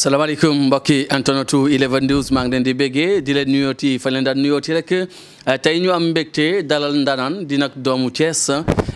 salaamaaleykum mbokki internetu 11 news maa ngi leen di béggee di leen nuyooti fa leen daan ti rek tey ñu am mbégte dalal ndaanaan di nag doomu Thiès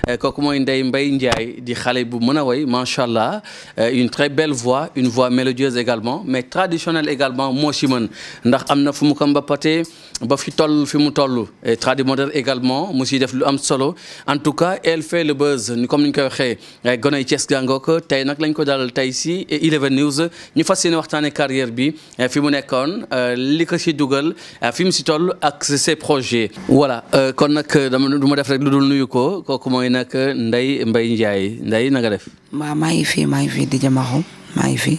Euh, kooku mooy Ndeye Mbaye Ndiaye di xale bu mën a woy macha allah euh, une très belle voix une voix mélodieuse également mais traditionnelle également moo si mën ndax am na fu mu ko mbapatee ba fi toll fi mu toll tradi moderne également mu siy def lu am solo en tout cas elle fait le buzz comme ni ñu koy waxee euh, goney Thiès gàngook tey nag lañ ko dalal tey si 11 news ñu fas yéene waxtaanee carrière bi fi mu nekkoon li ko si dugal fi mu si toll ak ses projets voilà kon nag dama du ma def rek lu dul nuyu ko kooku nag Ndeye Mbaye Ndiaye nday na nga def. maa maa ngi fi maa ngi fi di jamaxu maa ngi fi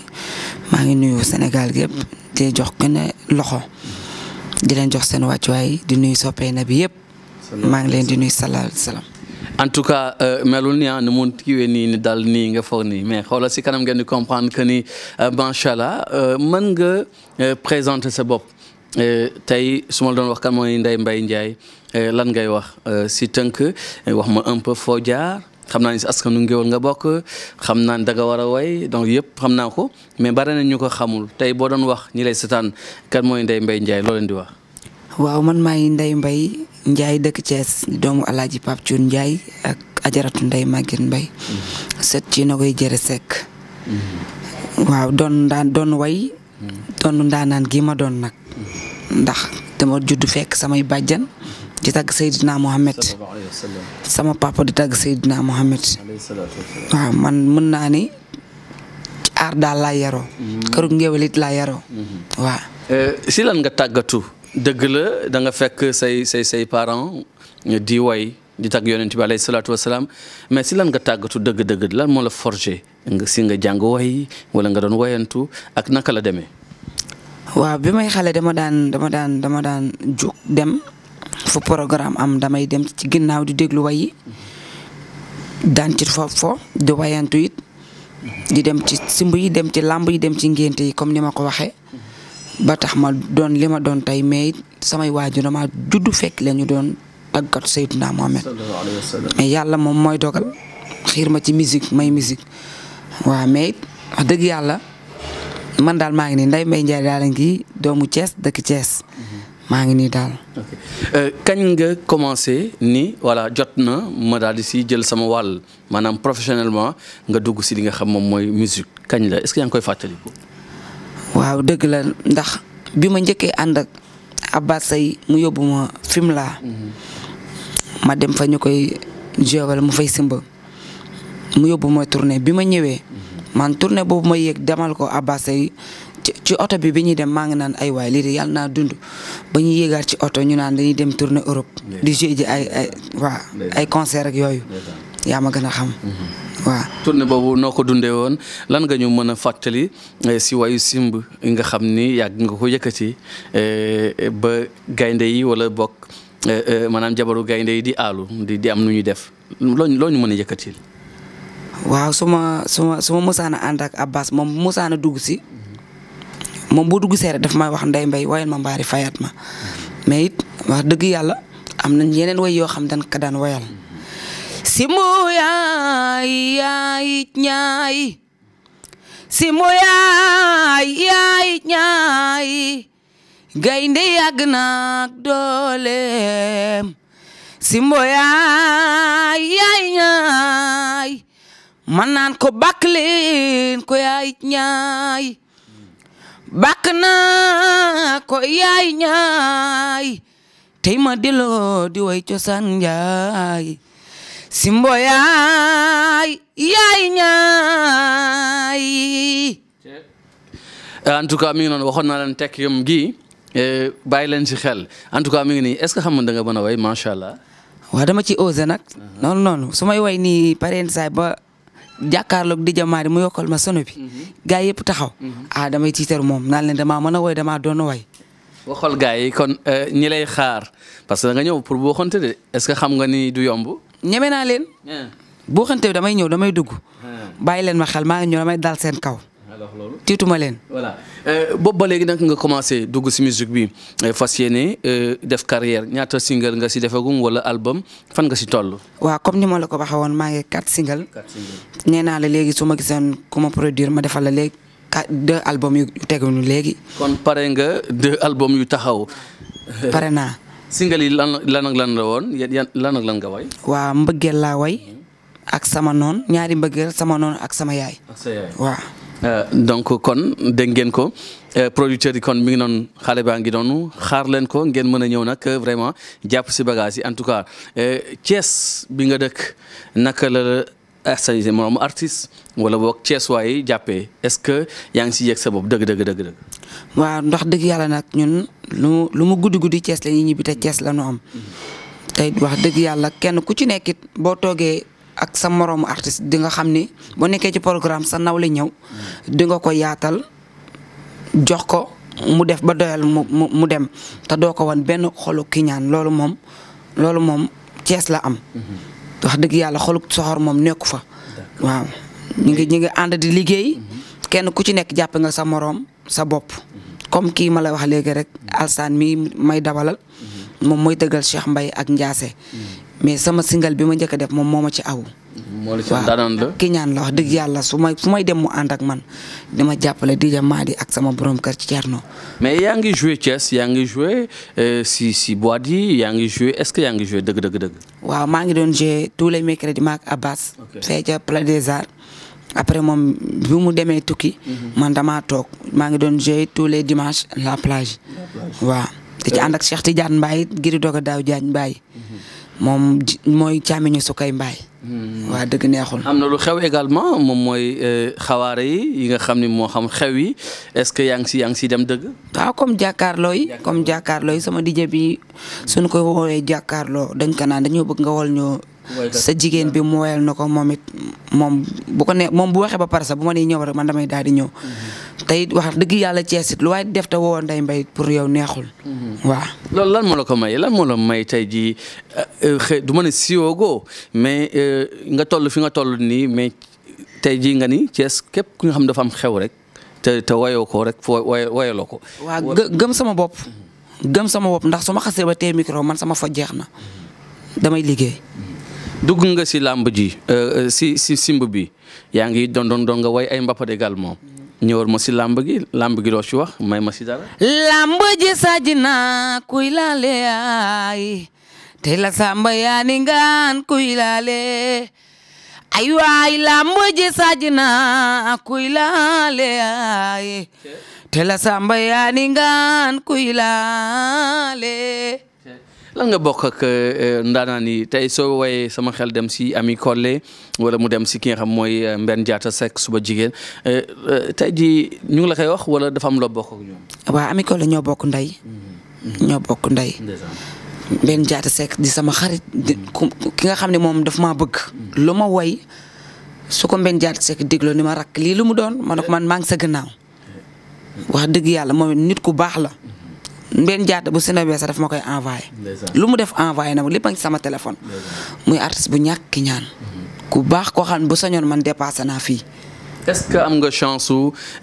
maa ngi nuyu Sénégal gi yëpp di jox kenn loxo di leen jox seen wàccuwaay di nuyu soppee na bi yëpp. maa ngi leen di nuyu salaam salaam. en tout cas euh, melul ni ah nu mu kiiwee nii ni daal nii nga foog nii mais xoolal si kanam ngeen di comprendre que ni euh, macha allah euh, mën nga présente sa bopp tey su doon wax kan mooy Ndeye Mbaye Ndiaye. Euh, lan ngay wax euh, si tënk euh, wax ma un peu xam naa ni si askanu ngéwël nga bokk xam naa ne danga war a way donc yëpp xam naa ko mais bari na ñu ko xamul tey boo doon wax ñi lay seetaan kan mooy Ndeye Mbaye Ndiaye di wax. waaw man maa ngi Ndeye Mbaye Ndiaye dëkk Thiès doomu El Hadj Pape Thioune Ndiaye ak ajaratu Ndeye Maguette Mbaye. Mm-hmm. set ci na koy jëre sekk. Mm-hmm. waaw doon daan doon way. Mm-hmm. doon ndaanaan gi ma doon nag. ndax dama judd fekk samay bàjjan. di tagg Seydina Mohamed sama papa di tagg Seydina Mohamed waaw man mën naa ni ci aar daal laa yaroo. Mhm. këru ngéwelit laa yaroo. Mhm. waaw. Eh, si lan nga tàggatu dëgg la danga fekk say say say parents di way di tagg yonent bi alayhi salaatu wasalaam mais si lan nga tàggatu dëgg-dëgg lan moo la forger si nga jàng way wala nga doon wayantu ak naka la demee. waaw bi may xale dama daan dama dem. fu programme am damay dem ci ginnaaw di déglu way yi daan ci fo di wayantu it di dem ci simb yi dem ci làmb yi dem ci ngénte yi comme ni ma ko waxee ba tax ma doon li ma doon tey mais samay waajur dama juddu fekk la ñu doon tàggatu Seydina ndaa mais yàlla moom mooy dogal xiir ma ci musique may musique waaw mais wax dëgg yàlla man daal maa ngi nii Ndeye Mbaye Ndiaye daal ngi doomu cees dëkk Thiès mhm. maa ngi nii daal. Euh, kañ nga commencé ni voilà jot na ma daal di si jël sama wàll maanaam professionnellement nga dugg si li nga xam moom mooy musique kañ la est-ce que yaa ngi koy fàttaliku. waaw dëgg la ndax bi ma njëkkee ànd ak mu yóbbu ma film mm-hmm. laa. ma dem fa ñu koy jéewal mu fay simba mu yóbbu ma tournée bi ma ñëwee. Mm-hmm. man tournée boobu ma yéeg demal ko Abba ci oto bi bi ñuy dem maa ngi naan ay waay lii de yàlla naa dund ba ñu yéegaat ci oto ñu naan dañuy dem tournée Europe. di joué ji ay ay waa ay concert yooyu. yaa ma gën a xam. Mm-hmm. waaw tournée boobu noo ko dundee woon lan nga ñu mën a fàttali eh, si wayu simb nga xam ni yàgg nga ko yëkkati eh, ba gaynde yi wala bokk eh, maanaam jabaru gaynde yi di aalu di di am nu ñuy def loo loo ñu mën a yëkkati. waaw su ma su ma a ànd ak Abbas dugg si. moom boo dugg seere daf wax nday mbay wayal ma mbaari fayaat ma mais it wax dëgg yàlla am nañ yeneen way yoo xam dañ ko daan wayal simu yaay yaay ñaay simu yaay yaay ñaay simu yaay yaay ñaay man naan ko bakk ko yaay ñaay bàkk naa ko yaay ñaay tey ma delloo di way cosaan njaay simbo yaay yaay ñaay eh, en tout cas mi ngi noonu waxoon naa leen tekk yom gi eh, bàyyi leen ci xel en tout cas mi ngi nii est-ce que xam nga da nga way macha allah. waaw dama ci osé nag. noonu uh-huh. noonu su may way nii pareen saay ba. jàkkaarloog di jamaari mu yokkal ma sono bi. Mhm. gaa yëpp taxaw. Mhm. ah damay tiitar moom naan leen damaa mën a woy damaa doon way. waxal gaa yi kon euh, ñi lay xaar parce que da ñëw pour boo xonte de est que xam nga ni du yomb. ñeme naa leen. Ah. boo xonte damay ñëw damay dugg. Ah. bàyyi leen ma xel maa ngi ñëw damay dal seen kaw. tiituma leen. voilà euh, boobu ba léegi nag nga commencé dugg si musique bi euh, fas yéene euh, def carrière ñaata single nga si defagum wala album fan nga si toll. waa comme ni ma la ko waxee woon maa ngi quatre single. quatre single naa la léegi su ma gisoon ku ma produire ma defal la léegi quatre deux albums yu teguñu léegi. kon pare nga deux albums yu taxaw. pare naa. single yi lan lan woon yan lan ak lan nga way. waa mbëggeel laa way. ak sama noon ñaari mbëggeel sama noon ak sama yaay. ak Euh, donc kon dégg ngeen ko euh, producteurs yi kon mi ngi noonu xale baa ngi doonu xaar leen ko ngeen mën a ñëw nag euh, vraiment jàpp si bagage yi en tout cas Thiès bi nga dëkk naka la assainissé moroom artiste wala boog cees waaye jàppee est-ce que yaa ngi si yegg sa bopp dëgg dëgg dëgg dëgg. waaw ndax dëgg yàlla nag ñun lu lu mu guddi guddi cees lañu ñuy ñibbi te la ñu mm-hmm. tey wax dëgg yàlla kenn ku ci nekkit boo toogee. ak sa moroomu artist di nga xam ni boo nekkee ci programme sa nawle ñëw di nga ko yaatal jox ko mu def ba doyal mu mu dem te doo ko wan benn xolu kiñaan loolu moom loolu moom Cees la am wax dëgg yàlla xolu soxor moom nekku fa waaw ñu ngi ñu ngi ànd di liggéey mhm. kenn ku ci nekk jàppe nga sa moroom sa bopp mhm. comme kii ma la wax léegi rek alsaan mi may dabalal moom mooy dëggal Cheikh mbay ak Ndiassé mais sama single bi ma njëkk def moom moo ma ci aw. waaw ki ñaan la wax dëgg yàlla su may may dem mu ànd ak man dama jàppale Dija Madi ak sama borom kër ci Thierno. mais yaa ngi joué Thiès yaa ngi joué euh, si si boîte yi yaa ngi joué est-ce que yaa ngi joué dëgg dëgg dëgg. waaw maa ngi doon joué tous les mercredis maak Abbas. ok fee ca Place des Arts après moom bi mu demee tukki. Mhm. man damaa toog maa ngi doon joué tous les dimanches la plage. di ci eh. ànd ak Cheikh Tidiane Mbaye giri doog a daaw Diagne Mbaye mm-hmm. moom mooy càmmiñu Sukay mbaay mm-hmm. waa dëgg neexul. am na lu xew également moom mooy eh, xawaare yi yi nga xam ni moo xam xew yi est-ce que yaa ngi si yaa ngi si dem dëgg. waaw comme jàkkaarloo yi. comme jàkkaarloo yi sama DJ bi suñu ko woowee jàkkaarloo dañ ko naan dañoo bëgg nga wol ñoo sa jigéen bi mu woyal na ko moom it moom bu ko ne moom bu waxee ba pare sax bu ma nee ñëw rek man damay daal di ñëw. Mm-hmm. tey wax dëgg yàlla Cees it lu waaye def te woo Ndeye Mbaye pour yow neexul. Mm-hmm. waaw loolu lan moo la ko may lan moo la may tey jii euh, euh, xëy du ma ne siwoogoo mais euh, nga toll fi nga toll nii mais tey jii nga ni Cees képp ku nga xam dafa am xew rek te te wayoo ko rek foo wayaloo ko. waaw gëm sama bopp. Mm-hmm. gëm sama bopp ndax su ma xasee ba te micro man sama fa jeex na mm-hmm. damay liggéey. dugg nga si làmb ji si si simb bi yaa ngi doon doon doon nga way ay mbappa également. ñëwal ma si làmb gi làmb gi loo may ma dara. làmb ji saji na kuy laale ay te la sàmba yaa ni ngaan kuy laale ay waay làmb ji saji na kuy laale ay te la sàmba ngaan kuy laale lan nga bokk ak euh, ndaanaan tey soo woyee sama xel dem si Ami Collé wala mu dem si ki nga xam mooy euh, mbenn Diatta sekk suba jigéen euh, tey ji ñu ngi la koy wax wala dafa am loo bokk ak ñoom. waaw ñoo bokk ndey. Mm-hmm. ñoo bokk ndey. Mbène Diatta di sama xarit. Mm-hmm. ki nga xam ne moom daf ma bëgg. Mm-hmm. lu ma woy su ko Mbène Diatta Seck dégloo ni ma rakk lii lu mu doon ma ne man maa ngi sa gannaaw. Eh. wax dëgg yàlla moom nit ku baax la. mbenn jaata bu sina weesa daf ma koy envoyé. lu mu def envoyé na ma lépp a sama téléphone. muy artiste bu ñàkk ki ñaan. Mhm. ku baax ko xam ne bu sañoon man dépassé naa fii. est-ce que am nga chance su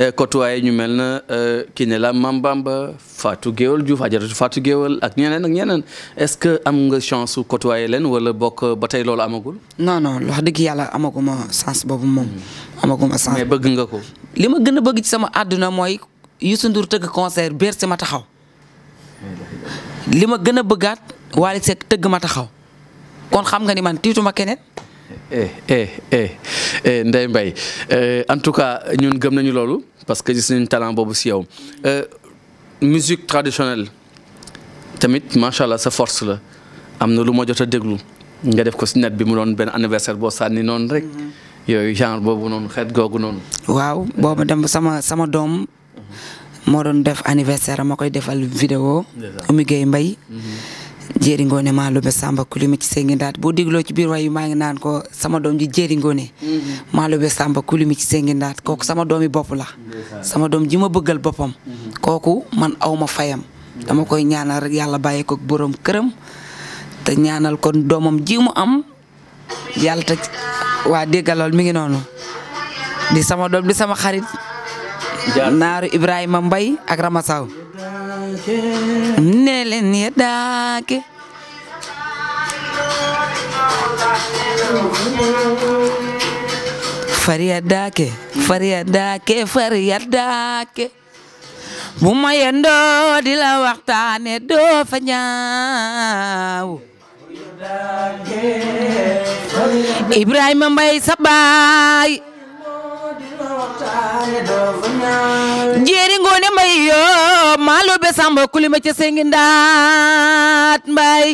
euh, côtoyer ñu mel na euh, kii ne la Mame Bamba Fatou Guéweul Diouf Ajaratu Fatou Guéweul ak ñeneen ak ñeneen est-ce que am nga chance su côtoyer leen wala bokk euh, ba tey loolu amagul. non non wax dëgg yàlla amaguma chance boobu moom. Mhm. amaguma chance mais bëgg nga ko. li ma gën a bëgg ci sama àdduna mooy Youssou Ndour tëgg concert Bercy ma taxaw. li ma gën a bëggaat Wally Seck tëgg ma taxaw kon xam nga ni man tiituma keneen. eh eh eh, eh Ndeye Mbaye eh, en tout cas ñun gëm nañu loolu parce que gis nañu talent boobu si yow. Eh, musique traditionnelle tamit macha allah sa force la am na lu ma jot a déglu nga def ko si net bi mu doon benn anniversaire boo sànni noonu rek. Mhm. yooyu genre boobu noonu xeet googu noonu. waaw boobu dem sama doom. Mhm. moo doon def anniversaire ma koy defal vidéo Oumy Gueye Mbaye mhm. Jéeri Ngoone maa lube Samba Kulibing ci seen ndaat boo dégloo ci biir waayu maa ngi naan ko sama doom ji Jéeri Ngoone. Mhm. maa lube Samba Kulibing ci seen ndaat mhm. kooku sama doomi bopp la. sama doom ji ma bëggal boppam. kooku man aw ma fayam. dama koy ñaanal rek yàlla bàyyi ko borom këram te ñaanal ko doomam ji am yàlla waa déggalool mi ngi noonu di sama doom di sama xarit. naaru Ibrahima Mbay ak Rama Saw ne leen yeddaake fariya daake fariya daake bu ma yendoo di la waxtaane doo fa ñaaw Ibrahima Mbay jeeri ngoone mbay yoo maalu be samba kulima ca sengi ndaat mbay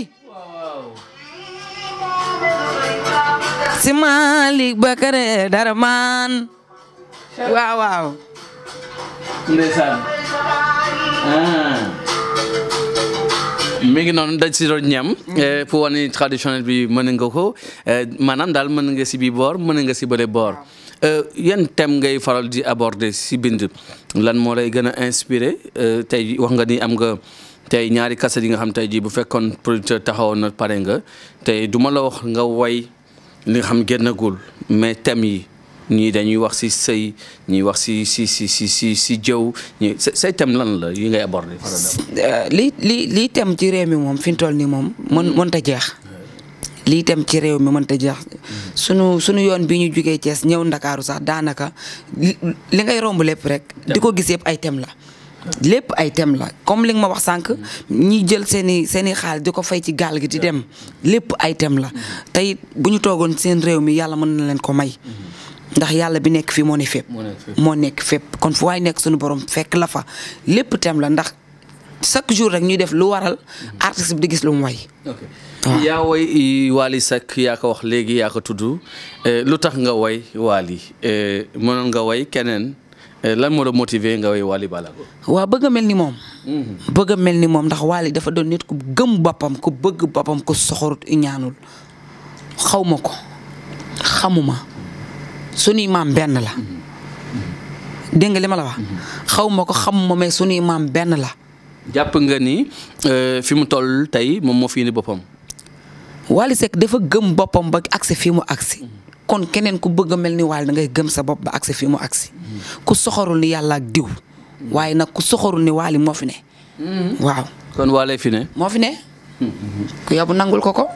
si Malik Bakare dara maan waaw waaw ndeysaan ah. mi ngi noonu daj si doon ñam pour mm-hmm. eh, wane traditionnel bi mën nga ko eh, maanaam daal mën nga si bi boor mën nga si bële boor Euh, yan thème ngay faral di aborder si bind lan moo lay gën a inspiré euh, tey wax nga ni am nga tey ñaari kaset yi nga xam tey jii bu fekkoon produteur taxawoon na pare nga tey duma la wax nga way li nga xam génnagul mais thèmes yi ñii dañuy wax si sëy ñuy wax si si si si si si jëw ñi say thème lan la yi ngay aborder. Euh, li li li ci réew mi moom fi mu moom mën jeex. lii tam ci réew mi mënta jeex sunu sunu yoon bi ñu jugee cees ñëw ndakaaru sax daanaka li ngay romb lépp rek di ko gis yëpp ay tem la lépp ay tem la comme li nga wax sànq ñi jël seen i seen di ko fay ci gaal gi di dem lépp ay thème la tey bu ñu toogoon seen réew mi yàlla mën na leen ko may ndax yàlla bi nekk fii moo nekk fépp kon fu waay nekk suñu borom fekk la fa lépp thème la ndax chaque jour rek ñuy def lu waral mm-hmm. artiste bi di gis lu mu way Ah. yaa woy Waly Seck yaa ko wax léegi yaa ko tudd eh, lu tax nga woy Waly eh, mënoon nga woy keneen eh, lan moo la motiver nga woy Waly Balago. waa bëgg a mel ni moom. Mhm. bëgg a mel ni moom ndax Waly dafa doon nit ku gëm boppam ku bëgg boppam ku soxorut ñaanul xaw ma ko xamuma sunuy maam benn la mhm. Mhm. dégg nga li ma la wax. xaw ma ko xamuma mais sunuy maam benn la. jàpp nga ni fi mu toll tey moom moo fi indi boppam. Wally Seck dafa gëm boppam ba agsi fii mu agsi kon keneen ku bëgg a mel ni Wally dangay gëm sa bopp ba agsi fii mu agsi ku soxorul ni yàlla ak diw waaye nag ku soxorul ni Wally moo fi ne waaw kon Wally fi ne moo fi ne ku yabu nangul ko ko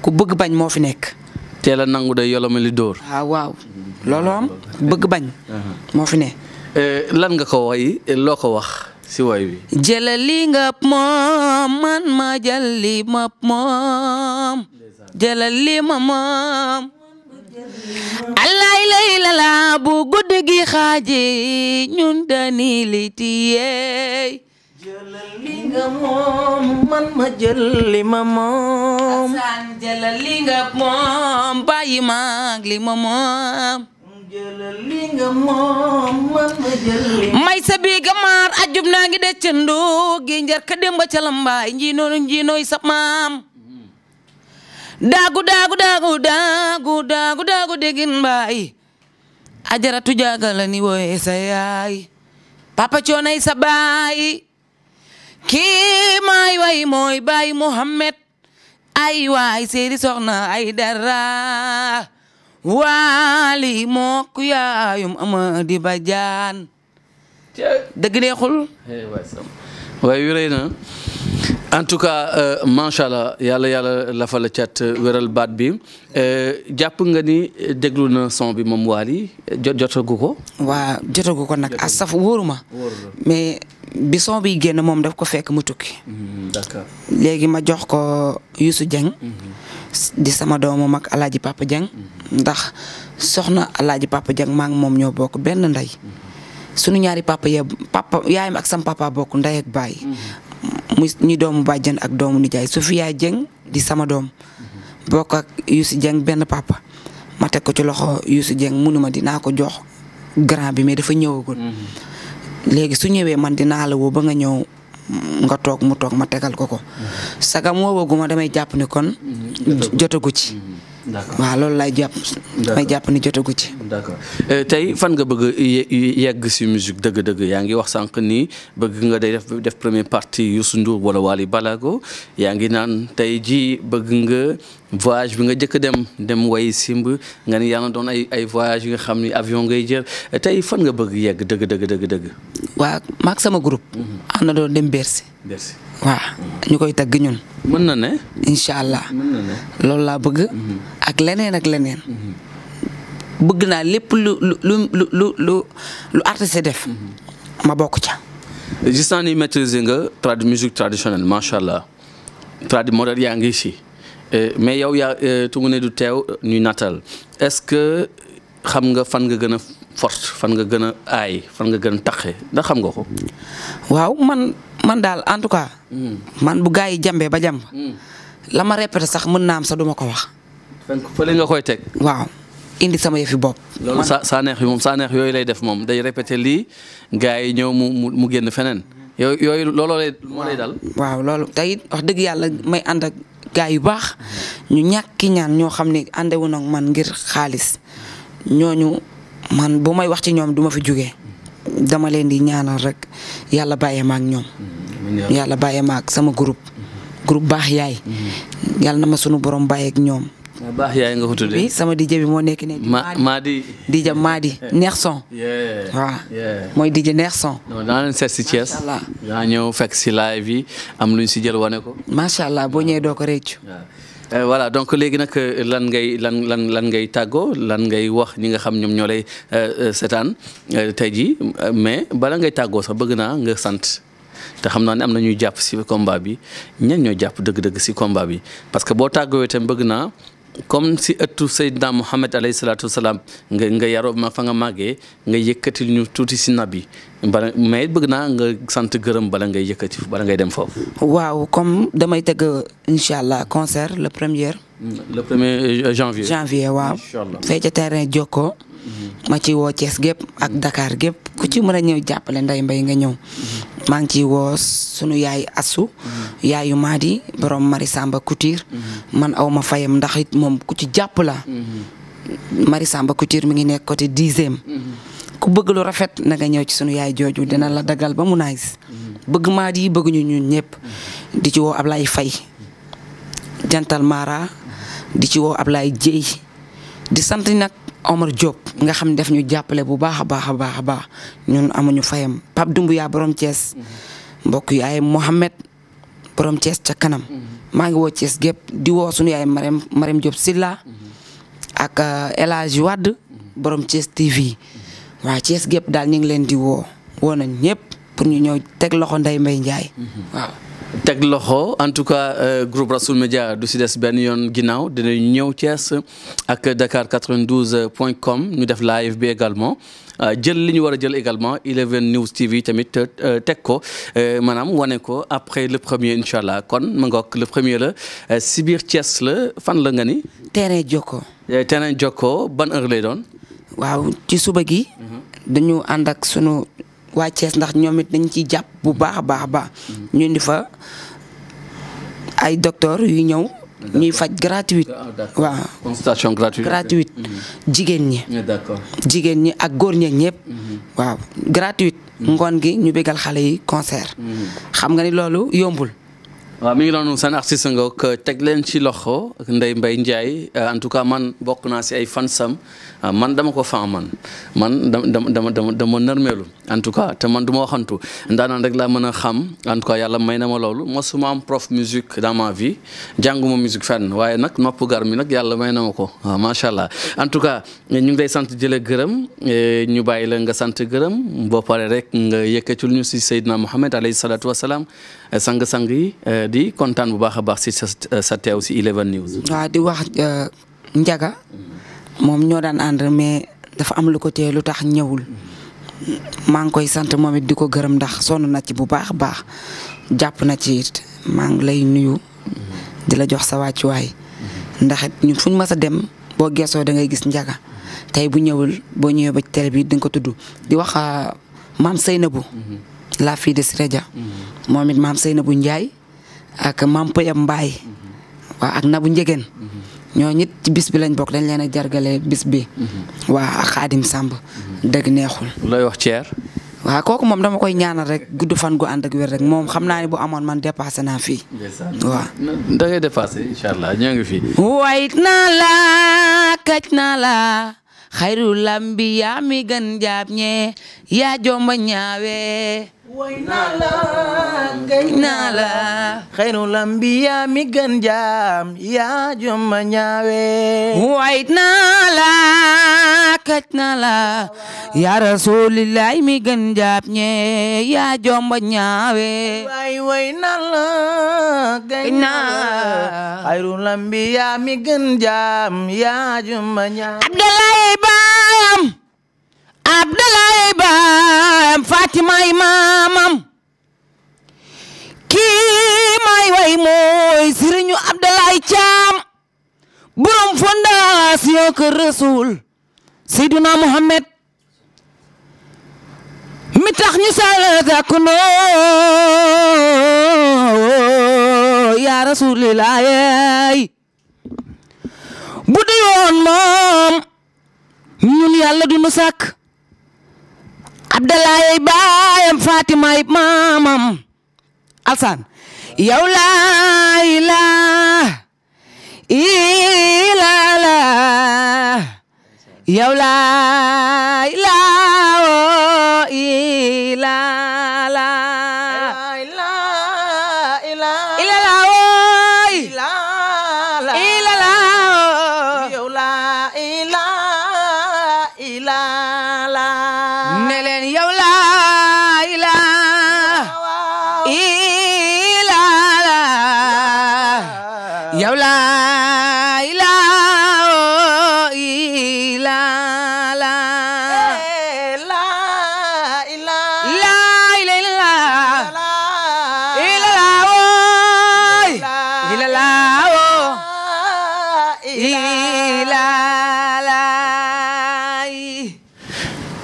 ku bëgg bañ moo fi nekk teel a nangu day yoloma li dóor ah waaw loolu am bëgg bañ moo ne eh, lan nga ko way loo ko wax si way bi jëlali nga moom man ma jëlli ma moom jëlal lii ma moom allaay lay lala bu guddi gi xaaji ñun dani li tiyeey jëlal li nga moom man ma jël li moom ma moom jëlal li nga moom man bi naa ngi de cëndu gi njar ka démba ca lambaay njiinooru njiinooy sa maam daagu daagu daagu daagu daagu daagu dégin mbaay ajaratu jagala ni woye sa yaay papa coonay sa baay kii maay way mooy baay Muhammed ay waay seeri soxna ay dara waali mook yaayum amadi bajaan dëgg neexul waay wi rëy en tout cas euh, macha allah yàlla yàlla lafa la cat euh, wéral baat bi euh, jàpp nga ni déglu na son bi moom Wally jot jotagu ko. waaw jotagu ko nag asaf wóoru ma. mais bi son biy moom daf ko fekk mu tukki. Mm-hmm, léegi ma jox ko Youssou Dieng. Mm-hmm. di sama doomu mag Alaaji Papa Dieng. Mm-hmm. ndax soxna Alaaji Papa Dieng maa moom ñoo bokk benn ndey. sunu ñaari papa yee papa yaayam ak sam papa bokk ndey ak baay. muy ñu doomu bàjjan ak doomu nijaay Sofia Dieng di sama doom bokk ak Youssou Dieng benn papa ma teg ko ci loxo Youssou Dieng munuma dinaa ko jox grand bi mais dafa ñëwagul. Mm-hmm. léegi su ñëwee man dinaa la woo ba nga ñëw nga toog mu toog ma tegal ko ko. Mm-hmm. saga moo woogu damay jàpp ne kon. Mm-hmm. jotagu ci. waa waaw loolu laay jàpp. may jàpp ni jotagu ci. d'accord euh, tey fan nga bëgg yegg si musique dëgg-dëgg yaa ngi wax sànq nii bëgg nga day def def première partie Youssou Ndour wala Wally Balago yaa ngi naan tey jii bëgg nga voyage bi nga jëkk dem dem way simb nga ni yaa doon ay ay voyage nga xam ni avion ngay jël euh, tey fan nga bëgg yegg dëgg dëgg dëgg maak sama groupe. Mhm. am na doon dem Bercy. waaw ñu koy tagg ñun. mën na ne. incha allah loolu laa bëgg. Mhm. ak leneen ak leneen. Mhm. bëgg naa lépp lu lu lu lu lu lu artiste def. Mhm. ma bokk ca. gis naa ni maîtriser nga trad musique traditionnelle macha allah trad moderne yaa ngi si eh, mais yow yaa eh, tungu ne du teew eh, ñuy natal est-ce que xam nga fan nga gën a force fan nga gën a aay fan nga gën a taxe ndax xam nga ko. waaw man man daal en tout cas. Hmm. man bu gaa yi jàmbee ba jàmb. Hmm. la ma répété sax mën na am sax duma ko wax. fële nga koy teg. waaw indi sama yëfi bopp. loolu sa saa neex yi moom yooyu lay def moom day répété lii gaa yi ñëw mu mu génn feneen. yooyu yooyu looloo lay moo lay waaw loolu tey wax dëgg yàlla may ànd ak gaa yu baax ñu ñàkki ñaan ñoo xam ne àndewoon ak man ngir xaalis ñooñu. man bu may wax ci ñoom duma fi jógee dama leen di ñaanal rek yàlla bàyyee maak ñoom. Mm-hmm. yàlla bàyyee maak sama groupe. Mm-hmm. groupe baax yaay. Mm-hmm. yàlla na ma sunu borom bàyyeek ñoom. baax yaay nga ko tuddee sama DJ bi moo nekk ne ma Madi DJ maadi neex son. waaw mooy DJ neex son. non daa allah fekk si live yi am lu si jël wane ko. macha allah boo ñëwee doo ko réccu. Euh, voilà donc léegi nag euh, lan ngay lan lan lan ngay tàggoo lan ngay wax ñi nga xam ñoom ñoo lay euh, seetaan tey jii mais bala ngay tàggoo sax bëgg naa nga sant. te xam naa ne am na ñuy jàpp si combat bi ñan ñoo jàpp dëgg-dëgg si combat bi parce que boo tàggoo itam bëgg naa comme si ëttu Seydina Muhammad alayhi salaatu wa salaam nga nga yaroo ma fa nga màggee nga yëkkatil ñu tuuti si nabi bala mais bëgg naa nga sant gërëm bala ngay yëkkati bala ngay dem foofu. waaw comme damay teg incha allah concert le première le premier euh, janvier. janvier waaw fee ca terrain Jokko. Mhm. ma ci woo Thiès gépp ak Dakar gépp ku ci mën a ñëw jàppale nday mbay nga ñëw. Mhm. maa ngi ciy woo sunu yaay assu yaayu Madi borom Mari Samba Couture man awma ma fayam ndax it moom ku ci jàpp la Mari Samba Couture mi ngi nekk côté dixième ku bëgg lu rafet na nga ñëw ci sunu yaay jooju dina la dagal ba mu nice bëgg Madi yi bëgg ñu ñun ñëpp di ci woo Ablaye fay jantal Mara di ci woo Ablaye Dieye di sant nag Omar Diop nga xam ne def ñu jàppale bu baax a baax a baax a baax ñun amuñu fayam Pape Doumbouya borom Thiès. mbokk yaay Mohamed borom Thiès ca kanam. maa ngi woo Thiès gépp di woo suñu yaay Marème Marème Diop Silla. ak euh, El Hadj borom Thiès TV. waa Thiès gépp daal ñu ngi leen di woo woo nañ ñëpp pour ñu ñëw teg loxo nday Mbaye Ndiaye teg loxo en tout cas euh, groupe Rasoul Média du si des benn yoon ginnaaw dina ñëw Thiès ak Dakar 92 point com ñu def live bi également euh, jël li ñu war a jël également Eleven News TV tamit euh, teg ko maanaam wane ko après le premier incha allah kon ma ngoog le premier la si biir Thiès la fan la nga ni. terrain Jokko. terrain Jokko ban heure lay doon. waaw ci suba gi. Mhm. dañu ànd ak sunu. waa Thiès ndax ñoom it dañ ciy jàpp bu baax a baax a baax. Mm-hmm. ñu indi fa ay docteur yu ñëw. ñuy faj gratuite. Ah, waaw consultation gratuite. Mm-hmm. jigéen ñi. jigéen ñi ak góor ña ñëpp. Mm-hmm. waaw gratuite. ngoon gi ñu bégal xale yi concert. xam nga ni loolu yombul. waaw mi ngi doon seen artiste ngoog teg leen ci loxo Ndeye mbay Ndiaye euh, en tout cas man bokk naa si ay fansam euh, man dama ko fan man man dama dama dama dama nërmeelu en tout cas te man du ma waxantu ndaanaan rek laa mën a xam en tout cas yàlla may na ma loolu mosuma am prof musique dans ma vie jànguma musique fenn waaye nag nopp gar mi nag yàlla may na ma ko waaw macha allah en tout cas ñu ngi lay sant jële gërëm euh, ñu bàyyi la nga sant gërëm boo pare rek nga yëkkatul ñu si Seydina Mohamed alayhi salaatu wa salaam sang-sang yi euh, di kontaan bu baax a baax ci sa euh, sa teew si Eleven News. waaw di wax euh, njaga moom ñoo daan ànd mais dafa am lu ko tee lu tax ñëwul maa ngi koy sant moom it di ko gërëm ndax sonn na ci bu baax a baax jàpp na ci it maa ngi lay nuyu di la jox sa wàccuwaay ndax it ñun fu ñu mës a dem boo geesoo da ngay gis njaga tey bu ñëwul boo ñëwee ba ci télé dinga ko tudd di wax maam Seynabou la fille de Siré Dia moom it maam Seynabou Ndiaye ak maam Payam Mbaye waaw ak Nabou Njegeen ñoo ñit ci bis bi lañ bokk dañ leen a jargale bis bi waa ak Xaadim Samb dëgg neexul looy wax Thier waaw kooku moom dama koy ñaanal rek gudd fan gu ànd ak wér rek moom xam na ne bu amoon man dépassé naa fi wa da ngay dépassé incha allah ñoo ngi wayit naa la kaj naa la xayru lambi yaa mi gën jaab ñe yaa jomba ñaawe way naa la ngay naa mi gën jaam yaa jomma ñaawe way naa la kaj yaa mi gën jaam ñe yaa jomma ñaawe way way naa la ngay naa mi gën jaam yaa jomma ñaawe Abdoulaye baayam Abdoulaye baam Fatimay maamam kii may way mooy sëriñu Abdoulaye Caam borom fondation kër Rasul Seyduna Muhammad mi tax ñu salaatakunoo yaa Rasulilaay bu di woon moom ñun yàlla du nu abdalaay laa ilaah ilaalah laa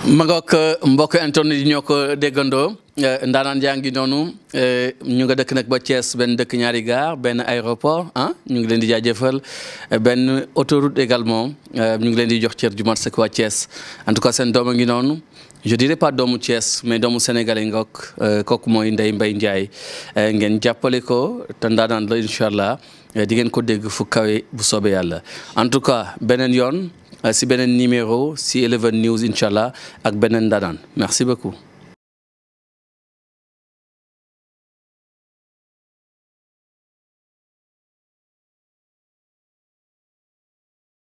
ma ngoog mbokk internet yi ñoo ko déggandoo eh, ndaanaan yaa ngi noonu eh, ñu nga dëkk nag ba Thiès benn dëkk ñaari gaar benn aéroport ah ñu ngi leen di jaajëfal eh, benn autoroute également ñu ngi leen di jox cër ju mat sëkk waa en tout cas seen doom a ngi noonu je dirais pas doomu Thiès mais doomu sénégalais ngoog kooku mooy nday mbay Ndiaye ngeen jàppale ko te ndaanaan la incha allah di ngeen ko dégg fu kawe bu soobee yàlla en tout cas beneen yoon. Euh, si beneen numéro si Eleven News incha allah ak beneen ndaanaan merci beaucoup.